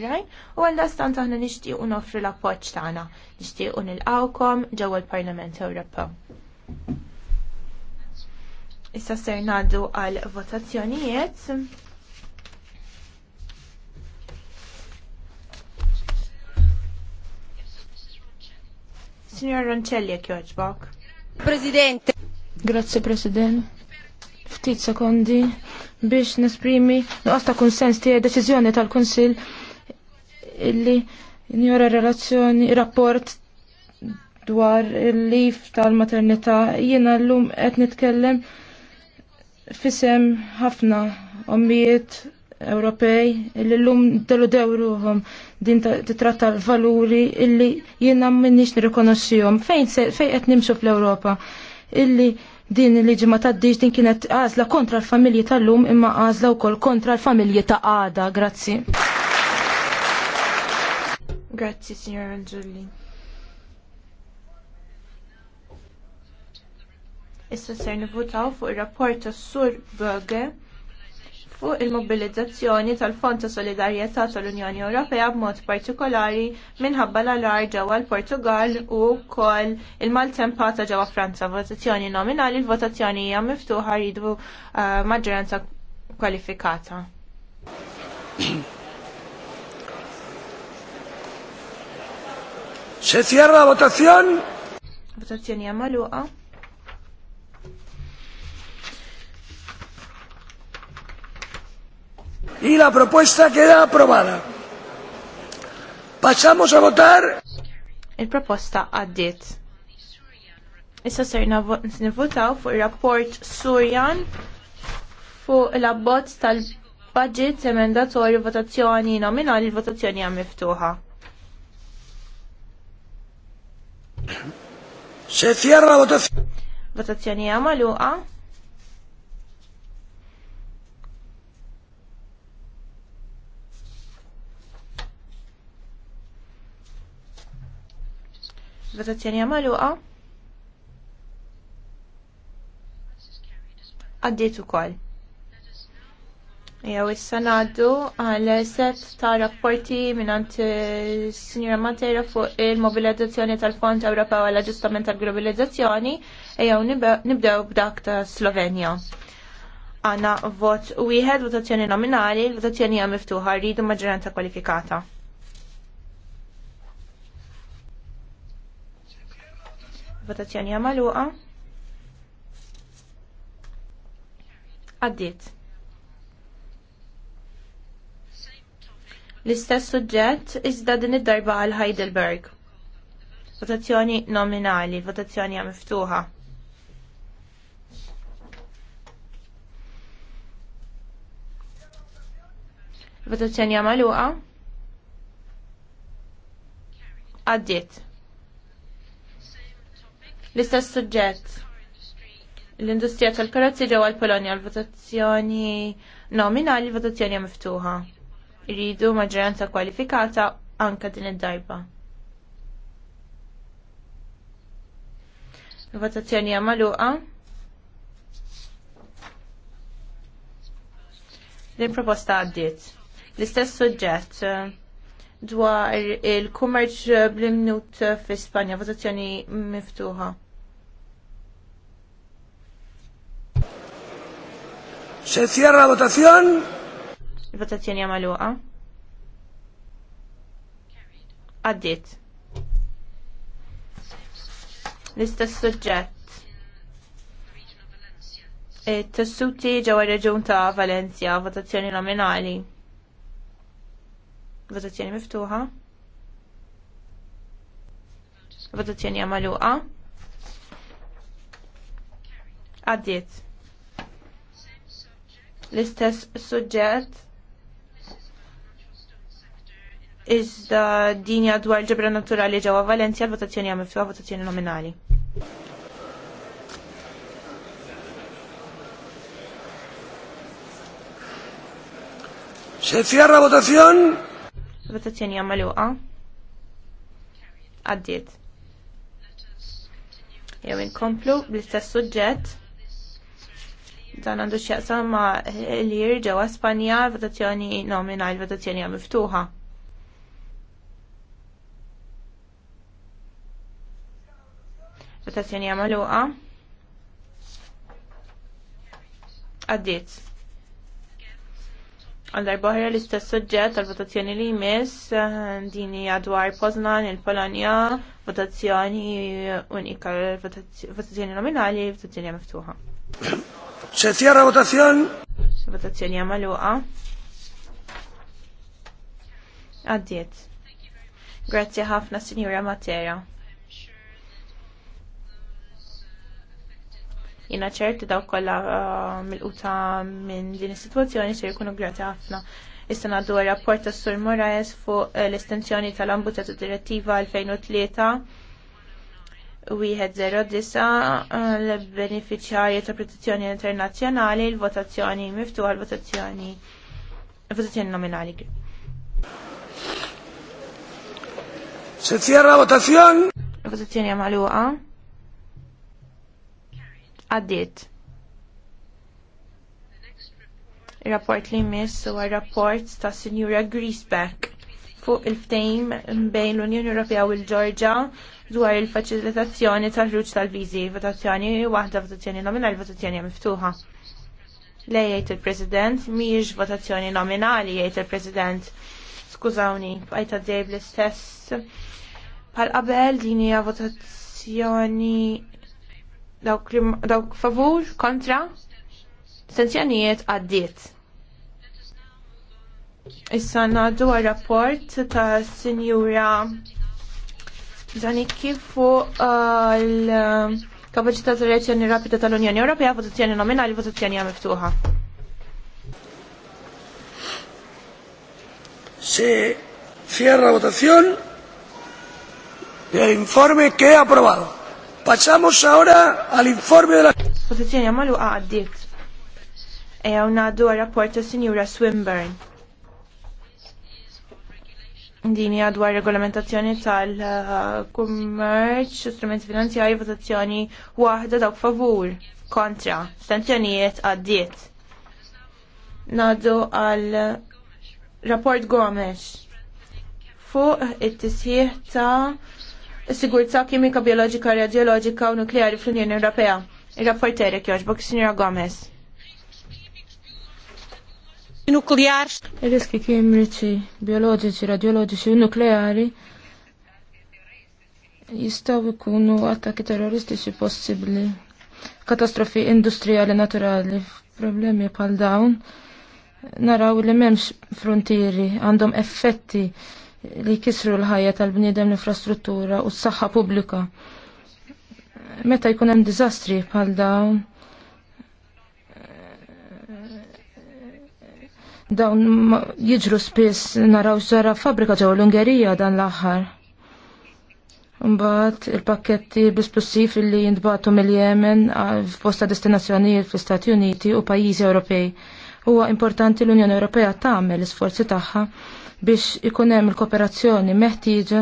oħrajn u għal dastant aħna nixtiequ noffru l-appoġġ tagħna, nixtiequ nilqawkom ġewwa l-Parlament Ewropew. Issa ser ngħaddu għal votazzjonijiet. Signor Roncelli, jogħġbok. Presidente. Grazie, President ftit sekondi biex nesprimi l ta' kunsens tiegħi deċiżjoni tal-Kunsill illi njora relazzjoni, rapport dwar il-lif tal-maternità jiena l-lum qed nitkellem fisem ħafna ommijiet Ewropej illi l-lum delu dewruhom din titratta l-valuri illi jiena minnix nirrikonoxxihom fejn fejn qed nimxu fl-Ewropa illi din li ġimma taddiġ din kienet għazla kontra l-familji tal-lum imma għazla u kol kontra l-familji ta' għada, grazzi. Grazzi, signor Angelli. Issa ser nivutaw fuq ir-rapport tas-Sur Böge fuq il-mobilizzazzjoni tal-Fond ta' Solidarjetà tal-Unjoni Ewropea b'mod partikolari minħabba l-alar ġewwa l-Portugal u wkoll il-maltempata ġewwa Franza. Votazzjoni nominali, l-votazzjoni hija miftuħa rridu uh, maġġoranza kwalifikata. Se cierra votazzjon? Votazzjoni hija magħluqa. Y la proposta queda aprobada. Pasamos a votar. Il-proposta għaddiet. Issa ser nivvotaw fuq il-rapport Surjan fuq il abbozz tal-budget emendatorju votazzjoni nominali votazzjoni għam miftuħa. Se fjerra votazzjoni. Votazzjoni għama luqa. Votazzjoni għama luqa. Għaddiet ukoll. Jew issa ngħaddu għal set ta' rapporti mingħand eh, Sinjora Matera fuq il-mobilizzazzjoni tal-Fond Ewropew għal aġġustament tal-globalizzazzjoni jew nibdew b'dak ta' Slovenja. Għanna vot wieħed votazzjoni nominali, votazzjoni għam miftuħa, rridu maġġoranza kwalifikata. Votazzjoni hija magħluqa. Għaddiet. L-istess suġġett iżda din id-darba għal Heidelberg. Votazzjoni nominali, votazzjoni miftuħa. Votazzjoni hija magħluqa. Għaddiet. L-istess suġġett l-industrija tal-karozzi ġewwa l-Polonja l-votazzjoni nominali l-votazzjoni miftuħa iridu maġġoranza kwalifikata anke din id-darba. Il-votazzjoni hija magħluqa. Din proposta għaddiet. L-istess suġġett eh, dwar il-kummerċ bl-imnut fi Spanja, votazzjoni miftuħa. Se cierra la votación il-votazzjoni għamaluqa. Għaddit. L-istess suġġett. E, Tessuti ġewwa reġun ta' Valencia, votazzjoni nominali. Votazzjoni miftuħa. Votazzjoni għamaluqa. Għaddit. l-istess suġġett iżda din dwar ġebra naturali ġewwa Valencia l-votazzjoni għam miftuħa votazzjoni nominali. Se cierra votazzjon? Votazzjoni għam maluqa. Għaddiet. Jew inkomplu bl-istess suġġett dan għandu xieqsam ma l li jirġaw Spanja votazzjoni nominali, votazzjoni miftuħa. Votazzjoni għamaluqa. Għaddit. Għaldar boħra l-istess soġġett tal-votazzjoni li jmiss eh, dini għadwar Poznan, il-Polonja, votazzjoni unika, votazzjoni nominali, votazzjoni miftuħa. Se tjera votazzjoni? Votazzjoni għamaluqa. Għaddit. Grazie ħafna, Signora Matera. Jina ċerti daw kolla uh, mil-quta minn din is-sitwazzjoni se jkunu grati ħafna. Issa għaddu rapport tas Sur Moraes fuq uh, l-estensjoni tal-ambu ta' direttiva 2003 wieħed uh, l-beneficjarji ta' protezzjoni internazzjonali l-votazzjoni miftuħa l-votazzjoni votazzjoni nominali. Se cierra votazzjoni. Votazzjoni għamaluqa għaddiet. Rapport li jmiss huwa rapport ta' Sinjura Greaseback fuq il-ftejm bejn l-Unjoni Ewropea u l-Ġorġa dwar il-faċilitazzjoni tal-ħruġ tal-viżi, votazzjoni waħda votazzjoni nominali, votazzjoni miftuħa. Lej jgħid il-President, mhijiex votazzjoni nominali jgħid il-President. Skużawni, bqajta dejb l-istess. Pal qabel din hija votazzjoni Dawk, dawk favur, kontra, sanzjonijiet għaddiet. Issa naddu għal rapport ta' Sinjura Zanikki fuq uh, l-kapacità ta' reazzjoni rapida tal-Unjoni Ewropea, votazzjoni nominali, votazzjoni għamiftuħa. Se cierra votazzjoni, informe che è approvato. Pasamos ahora al informe de la... Pozizjoni għamalu għaddit. Eja una għal-rapport ta' Sinjura Swinburne. Dini għadwa regolamentazione tal-kummerċ, strumenti finanziari, votazioni, wahda dawk favur, kontra, stanzjonijiet għaddiet. Naddu għal rapport Gomes fuq it-tisjieħ ta' sigurtza kimika, biologika, radiologika u nukleari fl-Unjoni Ewropea. Ir-rapporterek jogħġbok, Sinjora Gomez. Nuklear. il riski kimiċi, biologiċi, radiologiċi u nukleari jistaw ikunu attaki terroristiċi possibli, katastrofi industriali naturali, problemi pal dawn, naraw li memx frontieri għandhom effetti li kisru l-ħajja tal-bniedem l-infrastruttura u s-saħħa pubblika. Meta jkun hemm diżastri bħal dawn, dawn jiġru spiss naraw s-sara fabrika ġew l-Ungerija dan l-aħħar. Mbagħad il-pakketti bl-isplussiv li jintbagħtu mill-Yemen f'posta destinazzjonijiet fl-Istati Uniti u pajjiżi Ewropej. Huwa importanti l-Unjoni Ewropea tagħmel l-isforzi tagħha biex ikun hemm il-kooperazzjoni meħtieġa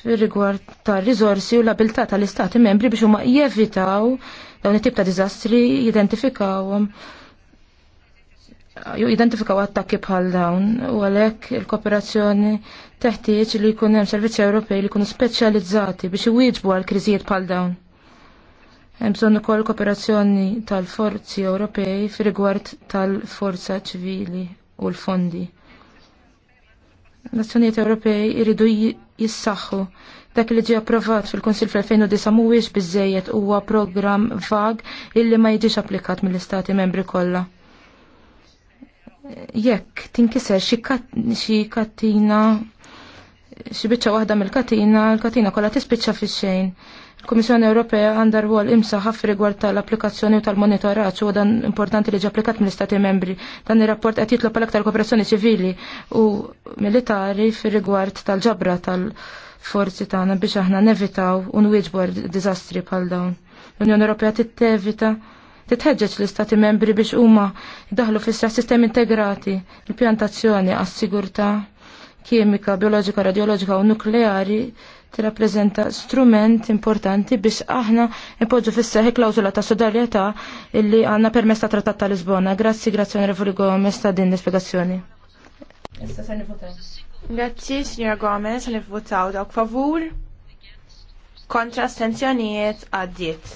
fir-rigward tar rizorsi u l-abilità tal-istati membri biex huma jevitaw dawn it-tip ta' diżastri jidentifikawhom jidentifikaw attakki bħal dawn u għalhekk il-kooperazzjoni teħtieġ li jkun hemm servizzi Ewropej li jkunu speċjalizzati biex iwieġbu għal kriżijiet bħal dawn. Hemm bżonn ukoll kooperazzjoni tal-forzi Ewropej fir-rigward tal-forza ċivili u l-fondi. Nazzjonijiet Ewropej iridu jissaħħu dak li ġie approvat fil-Konsil fl-2009 mhuwiex biżejjed huwa programm vag illi ma jiġix applikat mill-Istati membri kollha. Jekk tinkiser xi katina xi biċċa waħda mill-katina, l-katina kollha tispiċċa fix-xejn. Komissjoni Ewropea għandha rwol imsaħħa f'rigward tal-applikazzjoni u tal-monitoraġġ u dan importanti li ġi applikat mill-Istati membri. Dan ir-rapport qed jitlob għal aktar kooperazzjoni ċivili u militari fir-rigward tal-ġabra tal-forzi tagħna biex aħna nevitaw u nwieġbu diżastri bħal dawn. L-Unjoni Ewropea tittevita titħeġġeġ l-Istati membri biex huma jdaħlu fissa sistemi integrati, il-pjantazzjoni għas-sigurtà kimika, biologika, radioloġika u nukleari tirrappreżenta strument importanti biex aħna nipoġġu fis-seħi klawżula ta' solidarjetà illi għandna permess ta' Trattat ta' Lisbona. Grazzi, grazzi Onorevoli Gomez ta' din l-ispjegazzjoni. Issa se Grazzi, Signora Gomez, li nivvotaw dawk favur. Kontra astenzjonijiet għaddiet.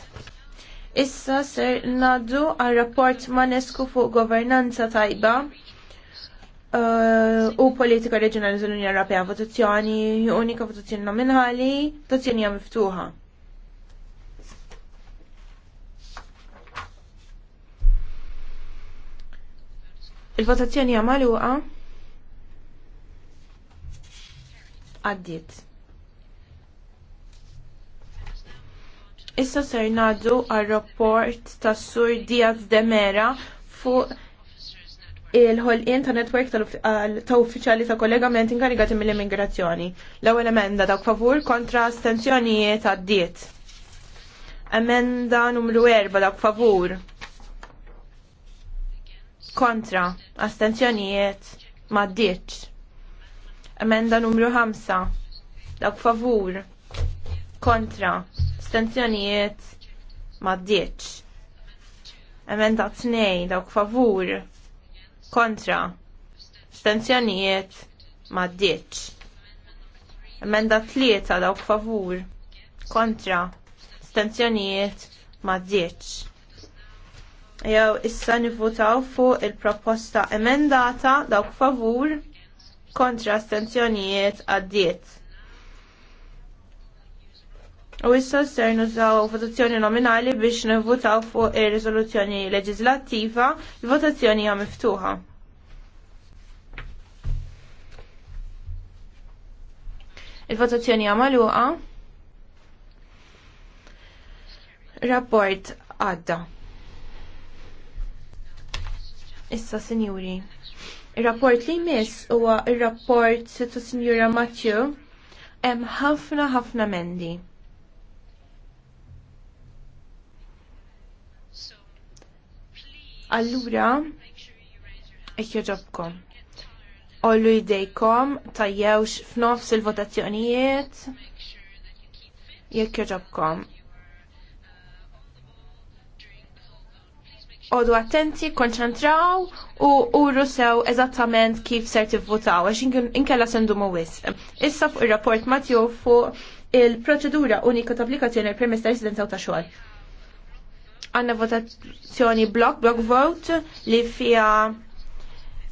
Issa ser naddu għal rapport manesku fuq governanza tajba u politika reġjonali tal-Unjoni Ewropea votazzjoni unika votazzjoni nominali, votazzjoni hija miftuħa. Il-votazzjoni hija magħluqa. Għaddiet. Issa ser ngħaddu għar-rapport tas-Sur Diaz de Mera fuq il-ħolqien ta' network ta' uffiċjali ta' kollegament inkarigati mill-immigrazzjoni. L-ewwel emenda dak favur kontra astensjonijiet għaddiet. Emenda numru 4 dak favur kontra ma' ddiċ. Emenda numru 5 dawk favur kontra astensjonijiet ddiċ. Emenda 2 dak favur kontra stenzjonijiet maddiċ. Emenda tlieta dawk favur kontra stenzjonijiet maddiċ. Jew issa nivvotaw fuq il-proposta emendata dawk favur kontra stenzjonijiet għaddiet. U issa ser nużaw votazzjoni nominali biex nivvutaw fuq ir-riżoluzzjoni leġislattiva, il-votazzjoni hija miftuħa. Il-votazzjoni hija magħluqa. Rapport għadda. Issa, sinjuri. Il-rapport li jmiss huwa il-rapport ta' Sinjura Matthew hemm ħafna ħafna mendi. Allura, ikjoġobkom. Ollu jdejkom, tajjewx f'nofs il-votazzjonijiet, jekk Odu attenti, konċentraw u urru sew eżattament kif ser tivvotaw għax inkella sendu wisq. Issa fuq il-rapport Matju fuq il-proċedura unika ta' applikazzjoni l-permess ta' residenza u ta' xogħol għanna votazzjoni blok block vote li fija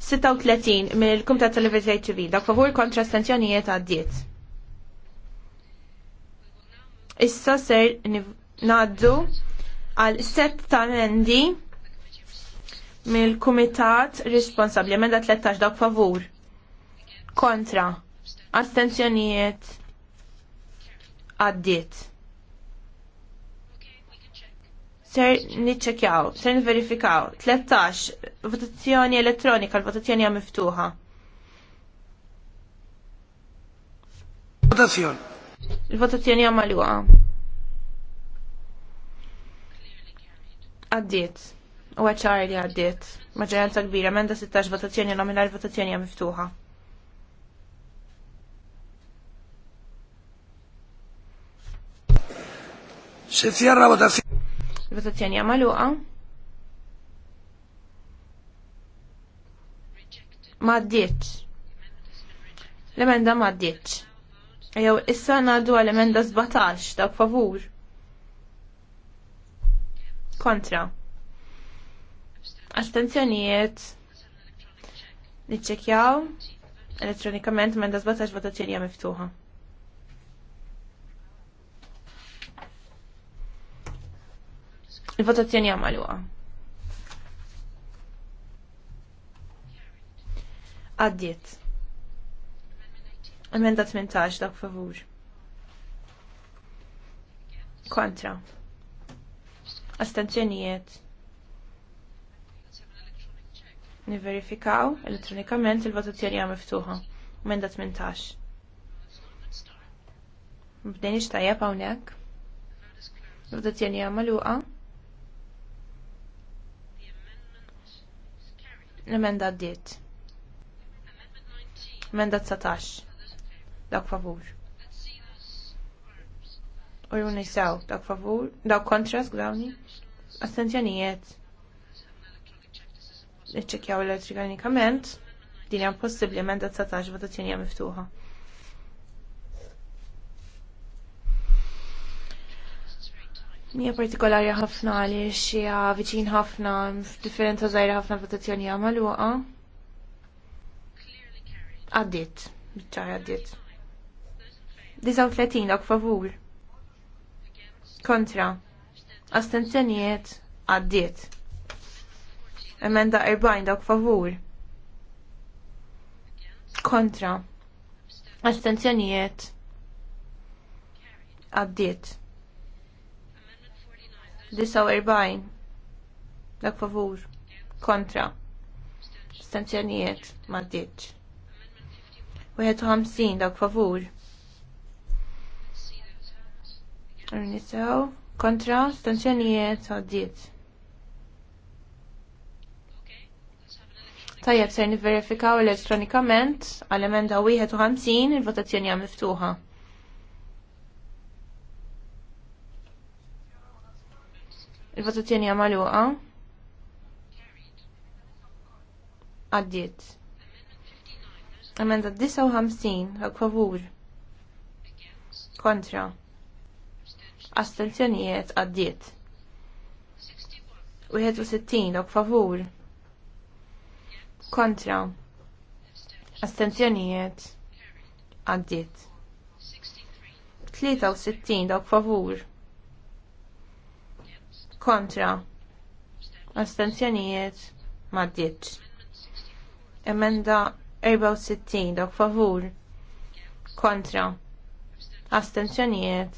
36 mill kumitat tal-Livizjaj TV. Dak favur kontra astenzjonijiet għaddiet. Issa ser naddu għal set ta' mendi mill kumitat responsabli. Emenda 13 dak favur kontra astenzjonijiet għaddiet ser niċċekjaw, ser niverifikaw. 13 votazzjoni elettronika, l-votazzjoni hija miftuħa. Votazzjoni. Il-votazzjoni hija magħluqa. Għaddiet. U għacċar li għaddiet. Maġġoranza kbira, menda 16 votazzjoni nominali votazzjoni hija miftuħa. Se cierra votación. Votazzjoni għamaluqa. Ma ddiċ. L-emenda maddiet. ddiċ. issa ngħaddu għal emenda 17 dak favur. Kontra. Astenzjonijiet. Niċċekjaw elettronikament emenda 17 votazzjoni miftuħa. Il-votazzjoni għamaluqa. Għaddiet. Emenda 18, dak favur. Kontra. Astenzjonijiet. Niverifikaw elettronikament il-votazzjoni għam miftuħa. Emenda 18. Bdejn ixtajja hawnhekk. Votazzjoni għam maluqa. L-emenda ddiet. Emenda 19. Dak favur. U juni saw. Dak favur. Dak kontra, sgrawni. Astenzjonijiet. Iċċekjaw elettrikanikament. Din hemm possibbli emenda 19 votazzjoni hija miftuħa. Nija partikolari ħafna li xija viċin ħafna, differenza zaħira ħafna votazzjoni għamal uqa. Għaddit, bieċar għaddit. 39 dak favur. Kontra. Astenzjonijiet għaddit. Emenda 40 dak favur. Kontra. Astenzjonijiet għaddit. 49 dak favur kontra stanzjonijiet ma ddiċ 51 dak favur Nisaw kontra stanzjonijiet għaddiet. Tajjeb ser niverifikaw elettronikament għal emenda 51 il-votazzjoni għam miftuħa. Il-votazzjoni għamaluqa. Għaddiet. Amenda 59, għak favur. Kontra. Astenzjonijiet għaddiet. 61, għak favur. Kontra. Astenzjonijiet għaddiet. 63, għak favur kontra astenzjonijiet maddiet. Emenda 64 dok favur kontra astenzjonijiet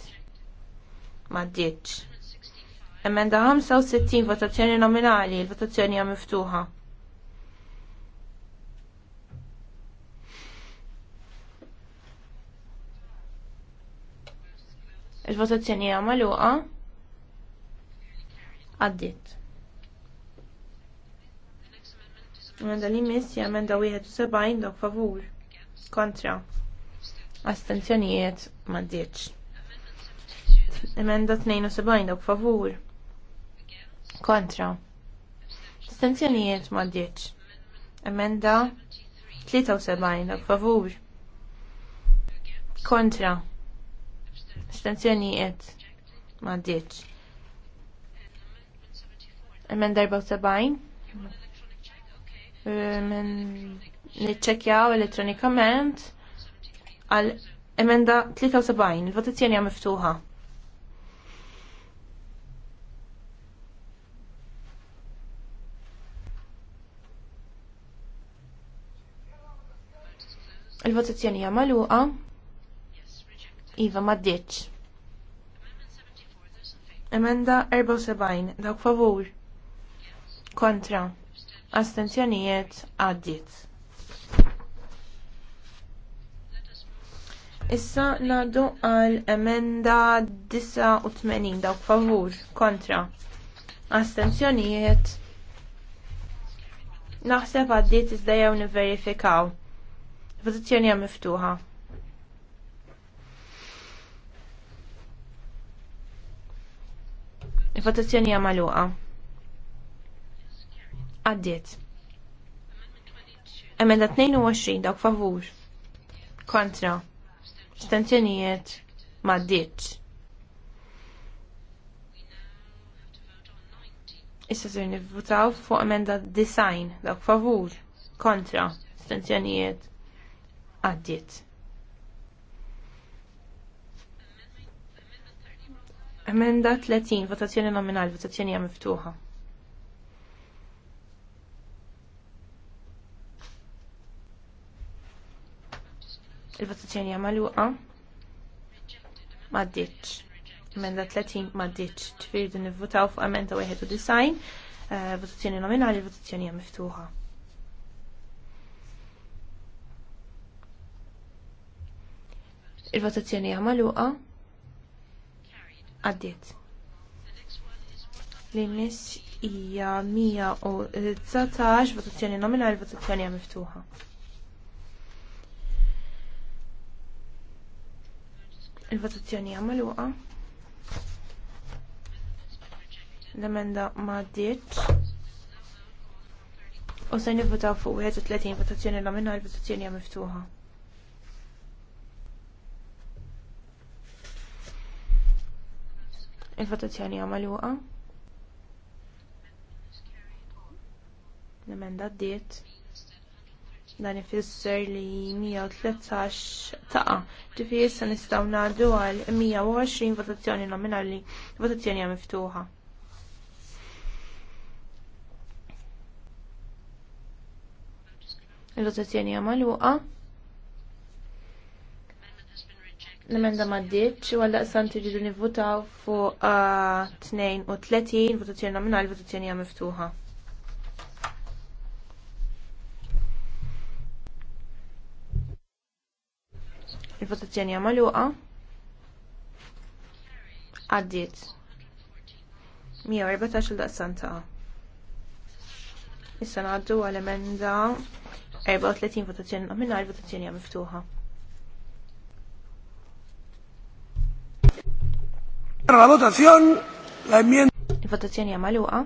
maddiet. Emenda 65 votazzjoni nominali, il-votazzjoni hija miftuħa. Il-votazzjoni hija magħluqa. Għaddit. Menda li miss jamenda 71 dok favur. Kontra. Astenzjonijiet ma ddiċ. Emenda 72 dok favur. Kontra. Astenzjonijiet ma ddiċ. Emenda 73 dok favur. Kontra. Astenzjonijiet ma ddiċ darba Emenda 74. Nitċekjaw elettronikament għal emenda 73. Il-votazzjoni għam miftuħa. Il-votazzjoni għam magħluqa. Iva ma maddiċ. Emenda 74, dawk favur kontra astenzjonijiet għaddiet. Issa nadu għal emenda 89 dawk favur kontra astenzjonijiet naħseb għaddiet iżda jew niverifikaw. Votazzjoni hija miftuħa. Il-votazzjoni hija magħluqa. Għaddiet. Emenda 22 dawk favur. Kontra. Stenzjonijiet ma għaddiet. Issa sir nivvutaw fuq emenda design dawk favur. Kontra. Stenzjonijiet għaddiet. Emenda 30, votazzjoni nominal, votazzjoni hija miftuħa. Il-votazzjoni hija magħluqa. maddiċ. Emenda 30 maddiċ. Ġifieri nivvotaw fuq emenda 91. Eh, votazzjoni nominali, votazzjoni hija miftuħa. Il-votazzjoni hija magħluqa. Għaddiet. L-imis hija 119 eh, votazzjoni nominali, votazzjoni hija miftuħa. Il-votazzjoni hija magħluqa. L-emenda ma ddietx. U se nivvotaw fuq 31 votazzjoni nominali votazzjoni hija miftuħa. Il-votazzjoni hija magħluqa. L-emenda ddiet dan ifisser li 113 taqa. Ġifiri issa nistgħu ngħaddu għal 120 votazzjoni nominali, votazzjoni hija miftuħa. Il-votazzjoni hija magħluqa. L-emenda ma ddiċ, għalla sant irridu nivvutaw fuq 32 ah, votazzjoni nominali, votazzjoni hija miftuħa. Il-votazzjoni hija magħluqa. Għaddiet. 114 daqsan ta' Issa ngħaddu għal emenda 34 votazzjoni nominali, votazzjoni hija miftuħa. La votazzjoni la emenda Il-votazzjoni hija magħluqa.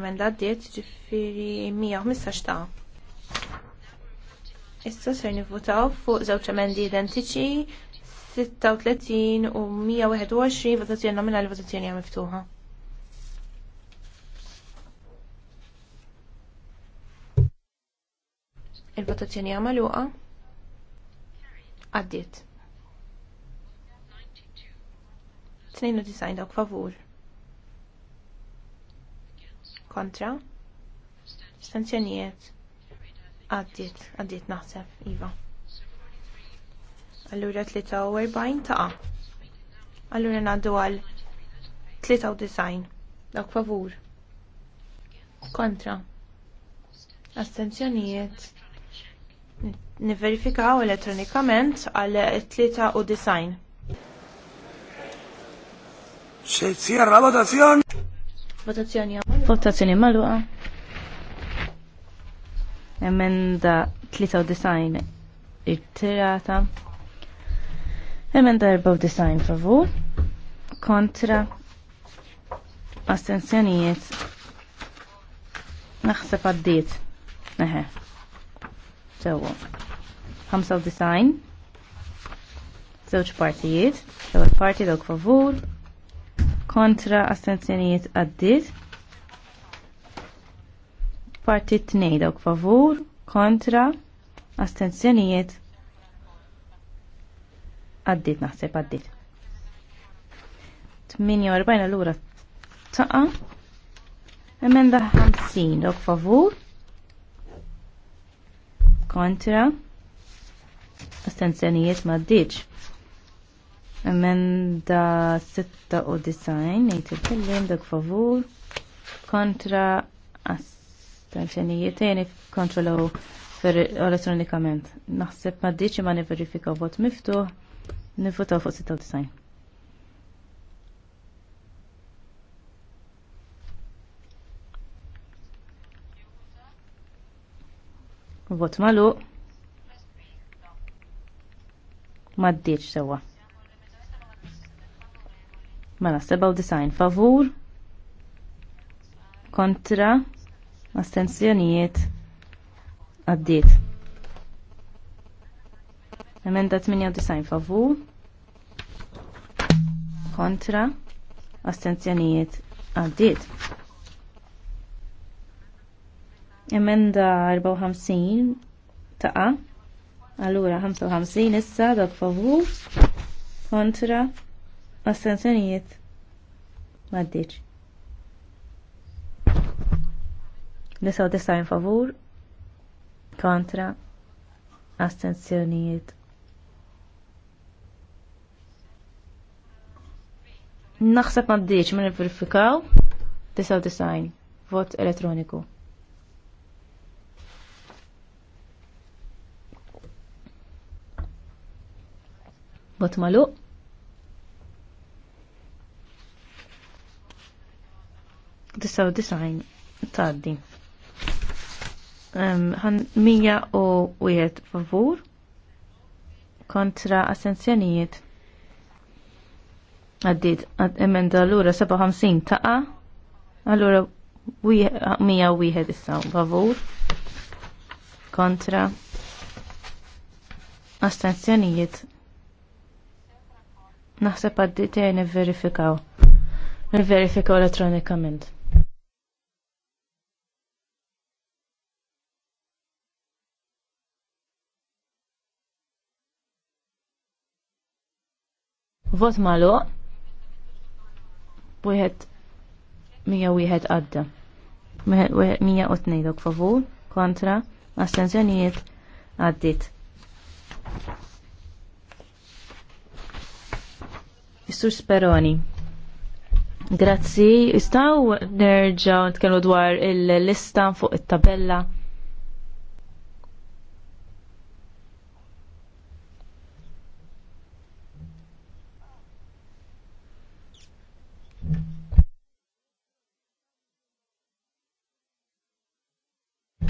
Emenda għaddiet ġifieri 115 ta' Issa ser nivvotaw fuq żewġ emendi identiċi 36 u 121 votazzjoni nominali votazzjoni miftuħa. Il-votazzjoni għam magħluqa. Għaddiet. 92 dawk favur. Kontra. Stanzjonijiet. Għaddiet, għaddiet naħseb, Iva. Allura 43 taqa. Allura naddu għal 93. Dak favur. Kontra. Astenzjonijiet. Niverifikaw elettronikament għal 93. Se tsir la votazzjoni. Votazzjoni maluqa emenda 93 irtirata, emenda 94 favur, kontra astenzjonijiet naħseb għaddiet. neħe sewa. 95 żewġ partijiet, l-ewwel dawk favur, kontra astenzjonijiet għaddiet Parti 2 dawk favur, kontra, astenzjonijiet. Għaddit naħseb għaddit. 48 l-ura taqa. Emenda 50 dawk favur, kontra, astenzjonijiet maddiċ. Emenda 96 nejt il-kellim dak favur, kontra, astenzjonijiet tal-xenijiet teni kontrollaw elektronikament. Naħseb ma diċi ma niverifika vot miftu, nifutaw fuq 96. Vot malu. Ma diċ sewa. Mela, 97 favur kontra astenzjonijiet għaddiet. Emenda 98 favu. kontra astenzjonijiet għaddiet. Emenda 54 taqa Allura 55 issa dak favu. kontra astenzjonijiet għaddiet. Nisaw in favur kontra astenzjonijiet. Naħseb ma d ma minn verifikaw disaw design vot elettroniku. Vot maluq. Disaw design taddi ħan mija u wieħed favur kontra assenzjonijiet. Għaddit, emenda l-ura 57 taqa, allura mija u wieħed issa favur kontra astenzjonijiet. Naħseb għaddit jgħin verifikaw. Verifikaw elettronikament. Vot malu. Wieħed mija wieħed għadda. Mija u tnejdok favur, kontra, astenzjonijiet għaddit. Istur Speroni. Grazzi, istaw nerġa' nitkellmu dwar il-lista fuq it-tabella.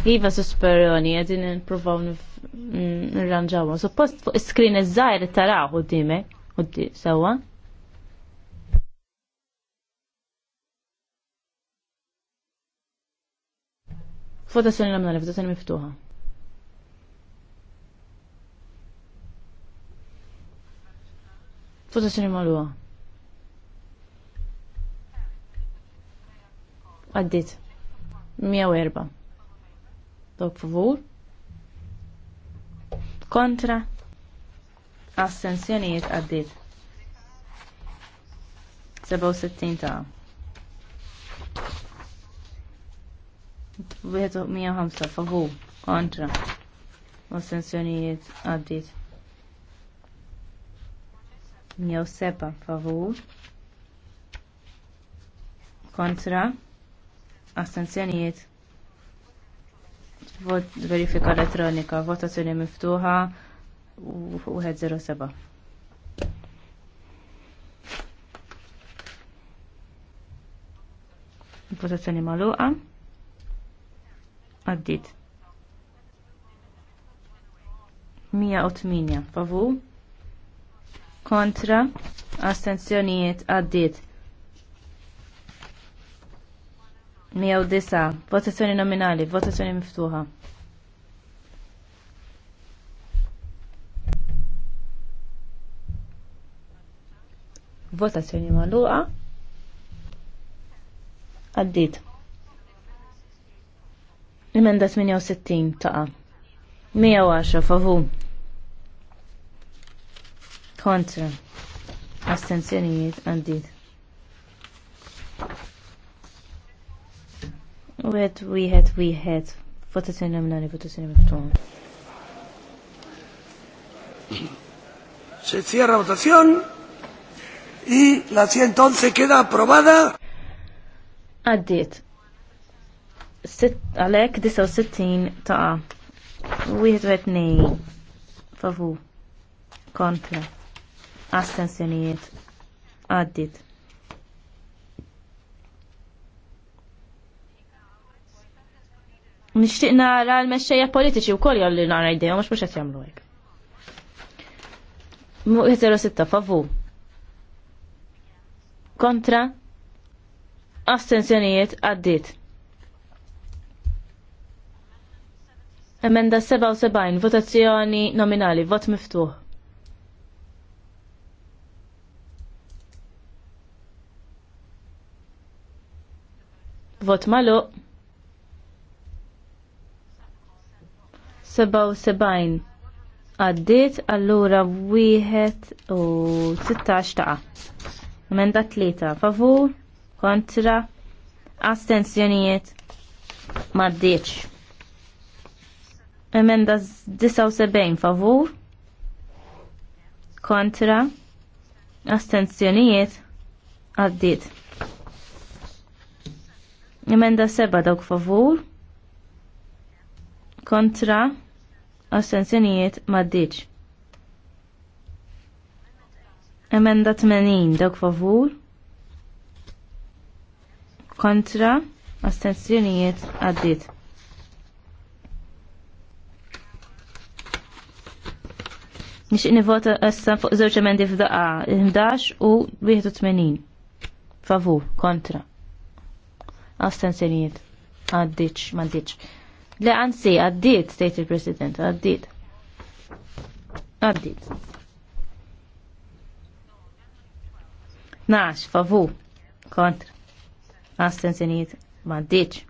Iva susperjoni, għedin n-provaw n-ranġawa. Suppost fuq iskrin iż-żajr taraw u dime, u di s-sani l-għamna l sani miftuħa. Fota s-sani maluħa. Għaddit. 104. Dawk favur. Kontra. Assenzjonijiet għaddit. 67 ta' 105 favu kontra assenzjonijiet għaddit 107 favur kontra assenzjonijiet Vot verifika elettronika, votazzjoni miftuħa u 07. Votazzjoni maluqa. Għaddit. 108 Favu, kontra astenzjonijiet għaddit 109. Votazzjoni nominali, votazzjoni miftuħa. Votazzjoni magħluqa. Għaddit. Emenda 68 taqa. 110 favu. Kontra. Astenzjonijiet għaddit. U għed, wieħed, wieħed. Votazzjoni nominali, votazzjoni miftuħa. Se cierra votazzjon y la 111 queda aprobada. Għaddiet. Għalek 69 ta' wieħed wieħed nej favu kontra astensjonijiet għaddit. nixtieq nara l mesċeja politiċi wkoll jolli nara jdejhom għax mhux qed jagħmlu hekk. Muqetero sitta favu. Kontra. Astenzjonijiet għaddit. Emenda 77, votazzjoni nominali, vot miftuħ. Vot malu. 77 għaddit allura wieħed u 16 taqa. Emenda tlieta. favur kontra astenzjonijiet maddiċ. Emenda 79 favur kontra astenzjonijiet għaddit. Emenda 7 dawk favur kontra għas Astenzjonijiet maddiċ. Emenda 80 dawk favur. Kontra. għas Astenzjonijiet għaddit. Nix nivota essa fuq zewċa emendi f'daqa 11 u 81. Favur, kontra. għas Astenzjonijiet. Għaddiċ, maddiċ. Le anzi, għaddit, state il-President, għaddit. Għaddit. Nax, favu, kontra. Astenzjoniet, ma għaddit.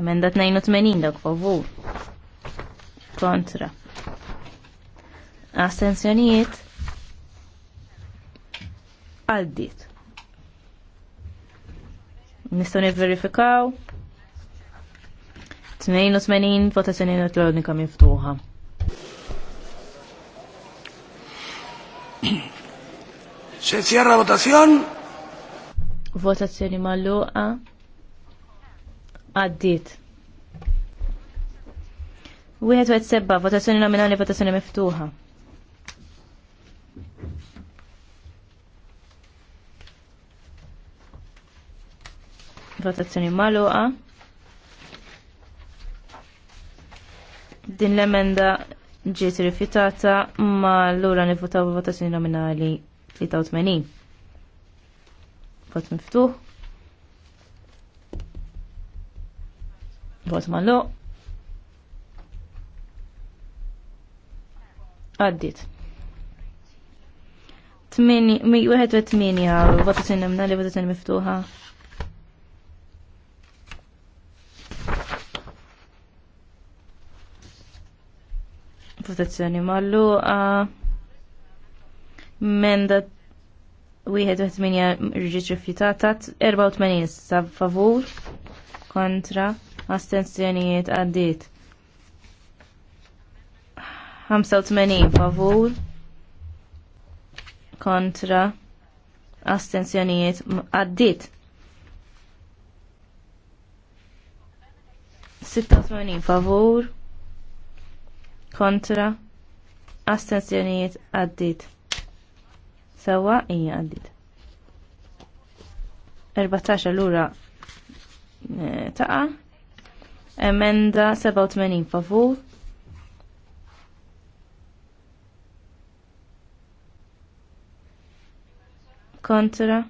Emenda 82 dak favu. Kontra. Astenzjoniet. Għaddit. Nistoni niverifikaw. verifikaw 82 votazzjoni elettronika miftuħa. Se cierra votazzjon? Votazzjoni malluqa. Għaddit. 1.7 votazzjoni nominali votazzjoni miftuħa. Votazzjoni maluqa. Din l-emenda ġiet rifjutata ma l-ura nivvotaw votazzjoni nominali 83. Vot miftuħ. Vot mallu. Għaddit. 8, 8, 8, 8, 8, votazzjoni mallu Menda wieħed u minja rġiet rifjutata 84 sa favur kontra astenzjonijiet għaddit 85 favur kontra astenzjonijiet għaddit. 86 favur kontra astenzjonijiet għaddit. Sewa hija għaddit. 14 lura eh, taqa. Emenda 87 favur. Kontra.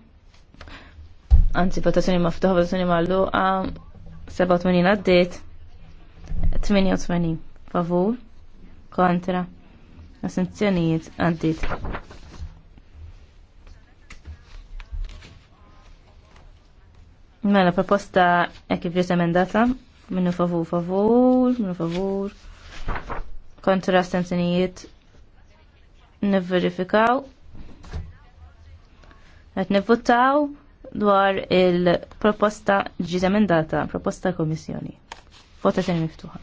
Anzi, votazzjoni maftuħa, votazzjoni malluqa. 87 għaddit. 88 favur kontra assenzjonijiet għaddit. Mela proposta kif ġiet emendata minnu favur favur, minnu favur kontra assenzjonijiet nivverifikaw għet nivvotaw dwar il-proposta ġiet emendata, proposta komissjoni. Votazzjoni miftuħa.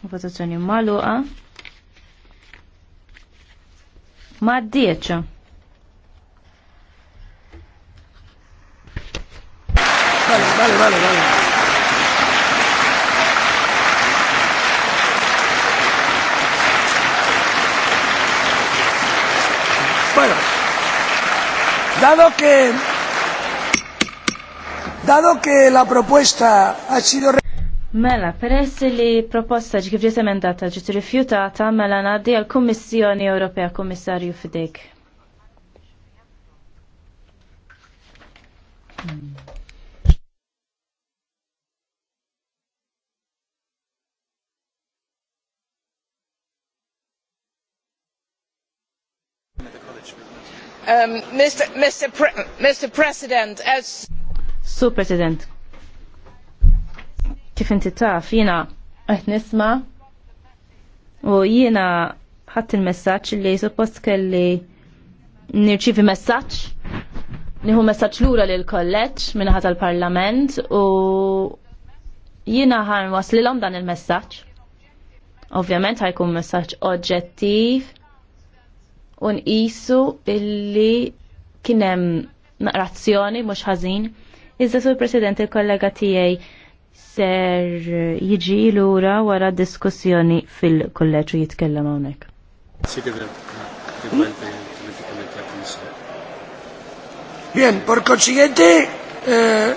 Votazzjoni maluqa. Ma' d-dieċa. Vale, vale, vale. Bueno, dado que, dado que la propuesta ha sido... Mela, peress li proposta ġi kif semendata emendata ġiet rifjutata, mela ngħaddi għall kummissjoni Ewropea Kommissarju Fidek. Um, Mr. Mr. Pre Mr. President, as Su President, Kif inti taf, jiena qed nisma' u jiena ħadd il-messaġġ li suppost kelli nirċivi messaġġ nieħu messaġġ lura lil kolleġġ minn tal-Parlament u jiena ħan waslilhom dan il-messaġġ. Ovvjament ħajkun messaġġ oġġettiv u nqisu billi kien hemm naqrazzjoni mhux ħażin. Iżda sur President il-kollega tiegħi ser jiġi lura wara diskussjoni fil-kolleġġu jitkellem hawnhekk. Bien, por consiguiente, eh,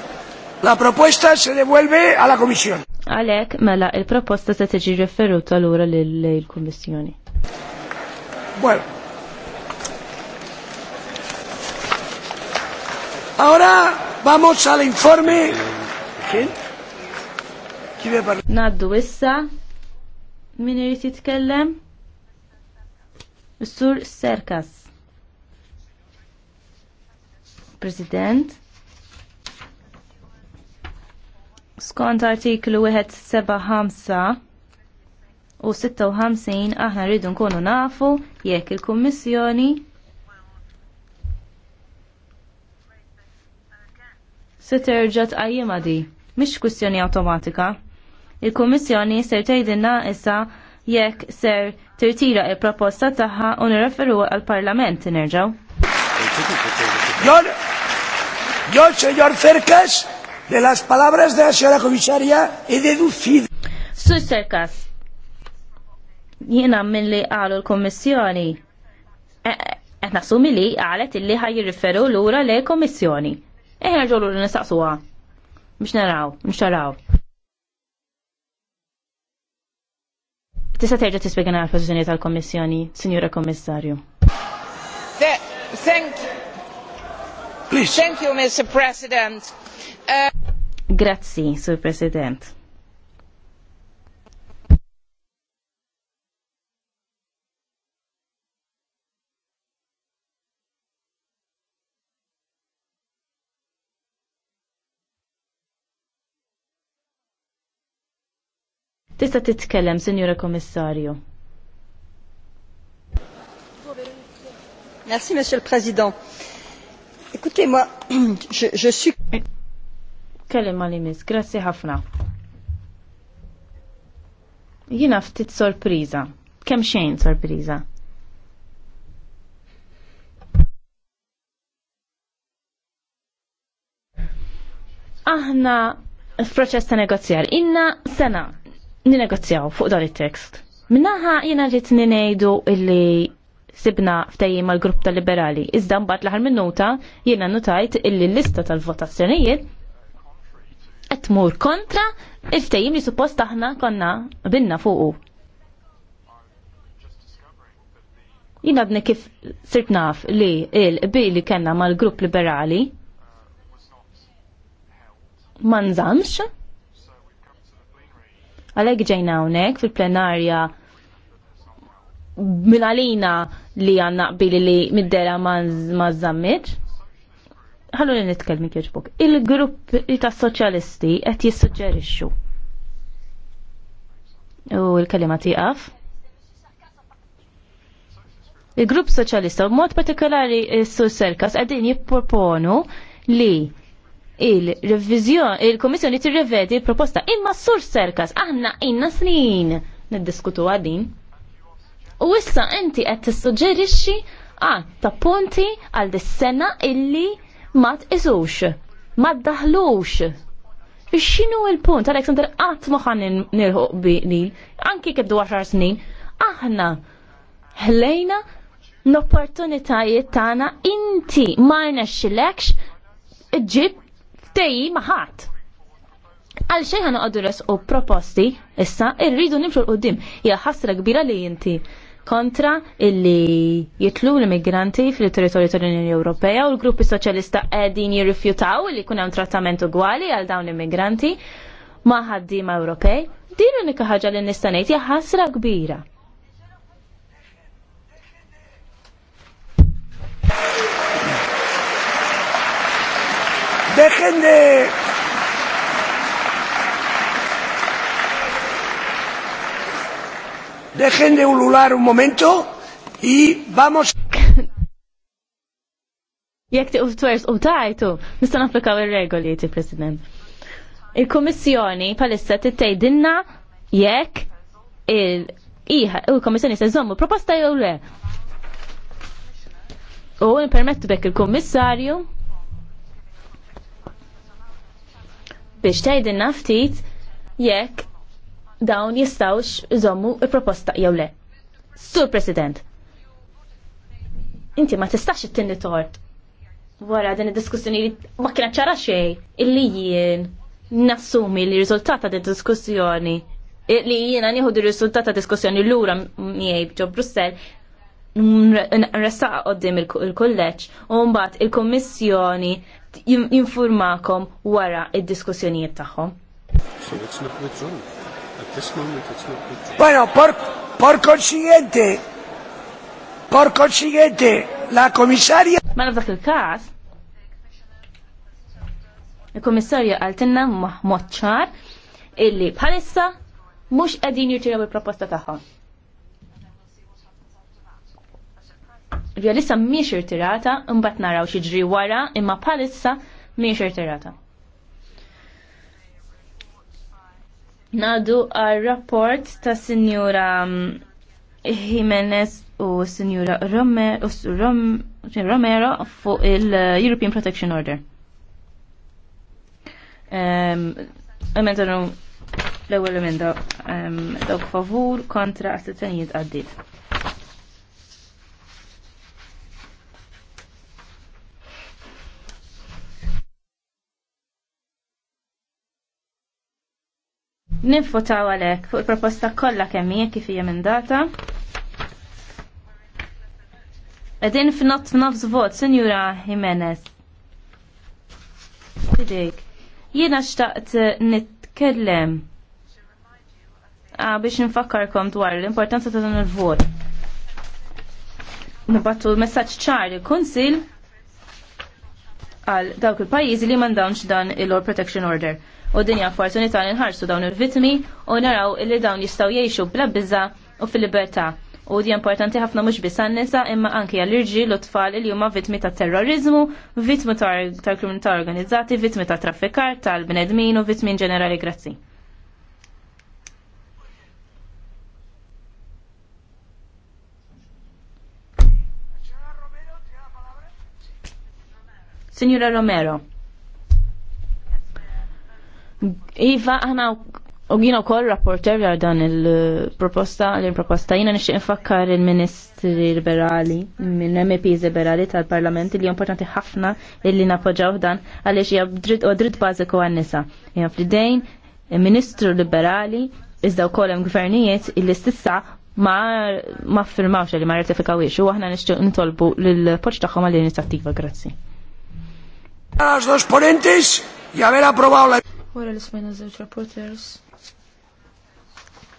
la proposta se devuelve a la Comisión. Għalek, mela, il-proposta se tiġi referuta l-ura l-Kommissjoni. Bueno. Ahora vamos al informe. Eh, ¿Quién? Naddu issa. Min irid jitkellem? Sur Serkas. President. Skont artiklu 175 u 56 aħna rridu nkunu nafu jekk il-Kummissjoni se terġa' tqajjem di, mhix kwistjoni awtomatika. Il-Kummissjoni ser tgħidilna issa jekk ser tirtira il-proposta tagħha u nirreferu għal-Parlament nerġgħu. Yo, señor Cercas, de las palabras de la señora comisaria he deducido. Su Cercas, jiena minn li għalu l-Kommissjoni. Qed e, nassumi li qalet illi ħaj jirriferu lura le Kommissjoni. Eħerġu l-nistaqsuha biex naraw, biex naraw. Tista' terġa' tispjegana l-pożizzjoni tal-Kommissjoni, Sinjura Kommissarju. Thank Thank you, Mr. President. Uh... Grazie, Sur President. Tista' titkellem, Sinjura Kommissarju. Merci, Monsieur le Président. Écoutez, moi, je, je suis... Kellem għal grazie ħafna. Jina ftit sorpriza. Kem xejn sorpriza? Aħna f'proċess ta' negozjar. Inna sena ninegozzjaw fuq dan it-tekst. Minnaħa jena ġiet ninejdu illi sibna ftejjim mal grupp tal-liberali. Iżda mbagħad l-aħħar minuta jiena notajt illi l-lista tal-votazzjonijiet qed tmur kontra il-ftejjim li suppost aħna konna binna fuqu. Jina bni kif sirt naf li il-bi li kena mal-grupp liberali ma nżamx Għalhekk ġejna hawnhekk fil-plenarja minalina li għanna qbili li middela ma' zammit. Ħallu li nitkellmi kieġbuk. Il-grupp ta' soċjalisti qed jissuġġerixxu. U l-kelima tiqaf. Il-grupp soċjalista b'mod partikolari s-sur Serkas qegħdin jipproponu li il-revizjon, il-komissjoni tirrevedi il-proposta imma sur serkas aħna inna snin niddiskutu għadin. U issa inti qed tissuġġerixxi għad ah, ta' punti għal dis-sena illi ma t-izux, ma tdaħlux. X'inhu il-punt Alexander qatt ma ħan nirħuq biqlil, anki kif għaxar snin, aħna ħlejna l-opportunitajiet tagħna inti ma jnexxilekx ġib tej maħat. Għal xejn ħana għaddu u proposti, issa, irridu nimxu l-qoddim. Hija ħasra kbira li inti kontra illi jitlu l-immigranti fil-territorju tal-Unjoni Ewropea u l-gruppi soċjalista qegħdin jirrifjutaw li jkun hemm trattament ugwali għal dawn l-immigranti ma' ħaddiema Ewropej. Din l-unika ħaġa li nista' ngħid hija ħasra kbira. Dejen de... Eh. Dejen de ulular un momento y vamos... Jek ti uftwers u tajtu, nistan applikaw il-regoli ti, President. Il-Komissjoni palissa tittejdinna jekk il-Komissjoni se zommu proposta jew le. U permettu bek il-Komissarju biex tgħidilna ftit jekk dawn jistawx iżommu il-proposta jew le. Sur President, inti ma tistax it-tinni tort wara din id-diskussjoni li ma kienet ċara xejn illi jien nassumi li riżultata ta' diskussjoni li jiena nieħu r riżultat ta' diskussjoni lura miegħi ġo Brussell nressaq qoddim il-kulleġġ u mbagħad il-Kummissjoni jinformakom wara id-diskussjonijiet tagħhom. Bueno, por, por consiguiente, por consiguiente, la komisarja. Ma mela nafdak il-kas, il-komissarja għaltinna maħmoċċar illi bħalissa mux għedin jirtiraw il-proposta taħħon. vjolissa miex irtirata, imbat naraw xieġri wara, imma palissa miex irtirata. Nadu għal rapport ta' Sinjura mm, Jimenez u Sinjura Romero fuq il-European uh, Protection Order. Emenda l-ewel emenda dawk favur kontra għastetanijiet għaddit. Nifutaw għalek fuq il-proposta kollha kemm hija kif hija minn data. Qegħdin f'not f'nofs vot, Sinjura Jimenez. Fidejk. Jiena xtaqt nitkellem ah, biex nfakkarkom dwar l-importanza ta' dan il-vot. Nibattu l-messaġġ ċar li kunsil għal dawk il-pajjiżi li m'għandhomx dan il-Law Protection Order u dinja opportunità li nħarsu dawn il-vitmi u naraw illi dawn jistgħu jgħixu bla bizza u fil-libertà. U di importanti ħafna mhux biss għan-nisa imma anke għall-irġiel u tfal li huma vittmi ta' terrorizmu, vittmi ta' kriminalità organizzati, vittmi ta' traffikar, tal-bnedmin u vittmi ġenerali grazzi. Signora Romero. Iva, aħna u għina u koll rapporter għar dan il-proposta, l-proposta jina nixtieq infakkar il-Ministri Liberali, minn MPs Liberali tal-Parlament li importanti ħafna illi napoġaw dan għaliex hija dritt bażiku għan-nisa. Hija fl il Ministru Liberali iżda wkoll hemm gvernijiet illi stissa ma ma firmawx li ma ratifikawiex u aħna nixtieq nitolbu lill-poċ tagħhom għall-inizjattiva, grazzi. Għax dos ponentes, javer la Wara li smajna żewġ rapporters,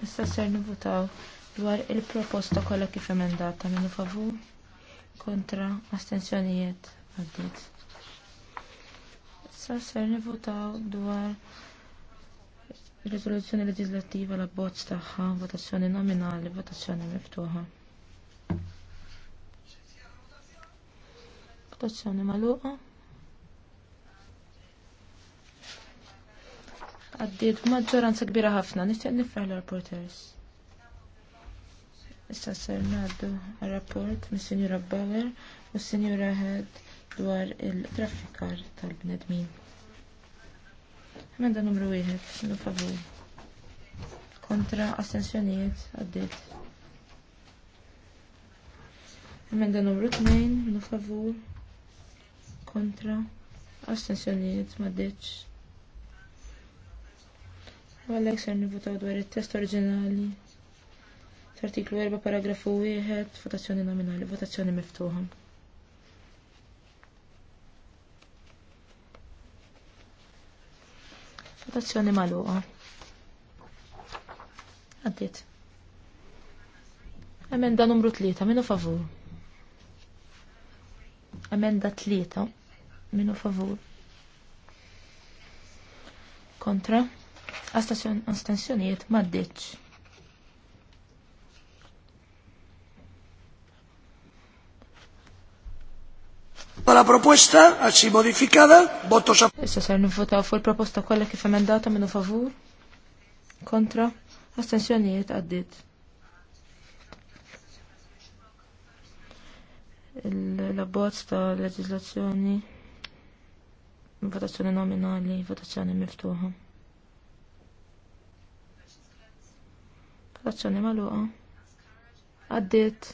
nista ser nivutaw dwar il-proposta kollha kif emendata minnu favu kontra astensjonijiet għaddit. Issa ser nivutaw dwar il-riżoluzzjoni leġislattiva la bozz tagħha votazzjoni nominali, votazzjoni miftuħa. Votazzjoni magħluqa. għaddiet maġġoranza kbira ħafna, nixtieq nifraħ l-reporters. Issa ser ngħaddu rapport mis-Sinjura Bauer u s-Sinjura Head dwar il-traffikar tal-bnedmin. Emenda numru wieħed, minu favur. Kontra astensjonijiet għaddiet. Emenda numru 2, minu favur. Kontra astensjonijiet maddiċ. U ser nivutaw dwar it-test oriġinali. Artiklu 4 paragrafu 1 votazzjoni nominali, votazzjoni miftuħa. Votazzjoni magħluqa. Għaddiet. Emenda numru 3, minu favur. Emenda 3, minu favur. Kontra astensjonijiet maddiċ. La proposta, għaxi modificata, voto sa... Issa non nivvotaw fuq il-proposta kollha kif emendata meno favur, kontra, astensjonijiet għaddit. l-abbozz bozza legislazioni, votazzjoni nominali, votazzjoni miftuħa. Votazzjoni magħluqa. Għaddiet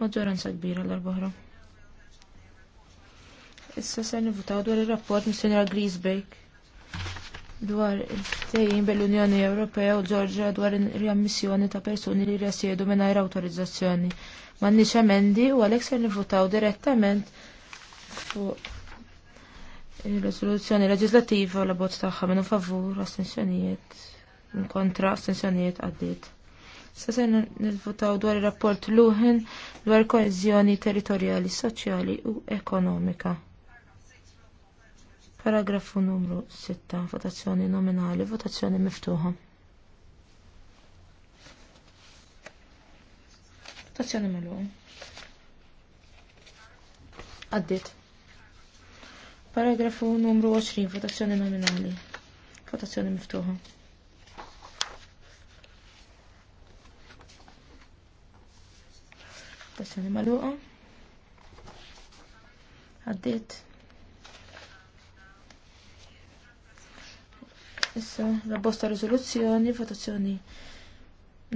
maġġoranza kbira l-arbohra. Issa se nivutaw dwar ir-rapport mis-Sinjor Griesbeck dwar il-tejjin bil unjoni Ewropea u Ġorġa dwar ir-riammissjoni ta' persuni li rjasjedu mingħajr awtorizzazzjoni. M'għandniex emendi u għalhekk se nivutaw direttament fuq il-resoluzzjoni leġislattiva u la bozz tagħha minn favur astensjonijiet kontra sanzjonijiet għaddit. Sa se nivvotaw dwar ir-rapport Luħen dwar koezjoni territorjali, soċjali u ekonomika. Paragrafu numru 6, votazzjoni nominali, votazzjoni miftuħa. Votazzjoni mal-għum. Għaddit. Paragrafu numru 20, votazzjoni nominali, votazzjoni miftuħa. Votazzjoni maluqa. Għaddit. Issa, la bosta rizoluzzjoni, votazzjoni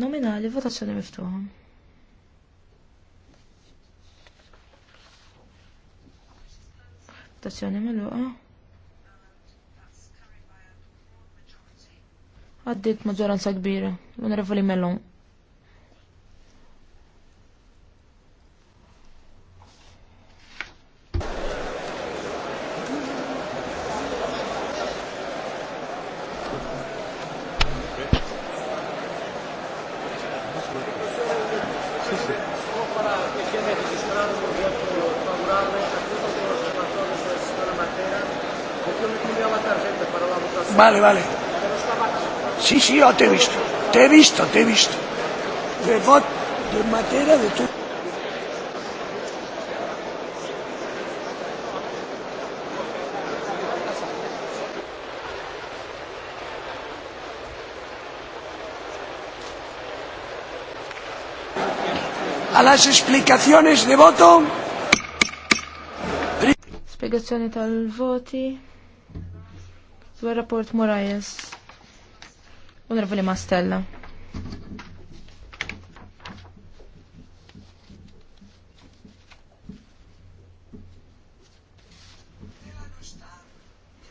nominali, votazzjoni miftuħa. Votazzjoni maluqa. Għaddit maġġoranza kbira, l Mellon. vale, vale. Sí, sí, yo te he visto. Te he visto, te he visto. De vot, de materia de tu. A las explicaciones de voto. Spiegazzjoni tal-voti dwar rapport Moraes. Onorevoli Mastella.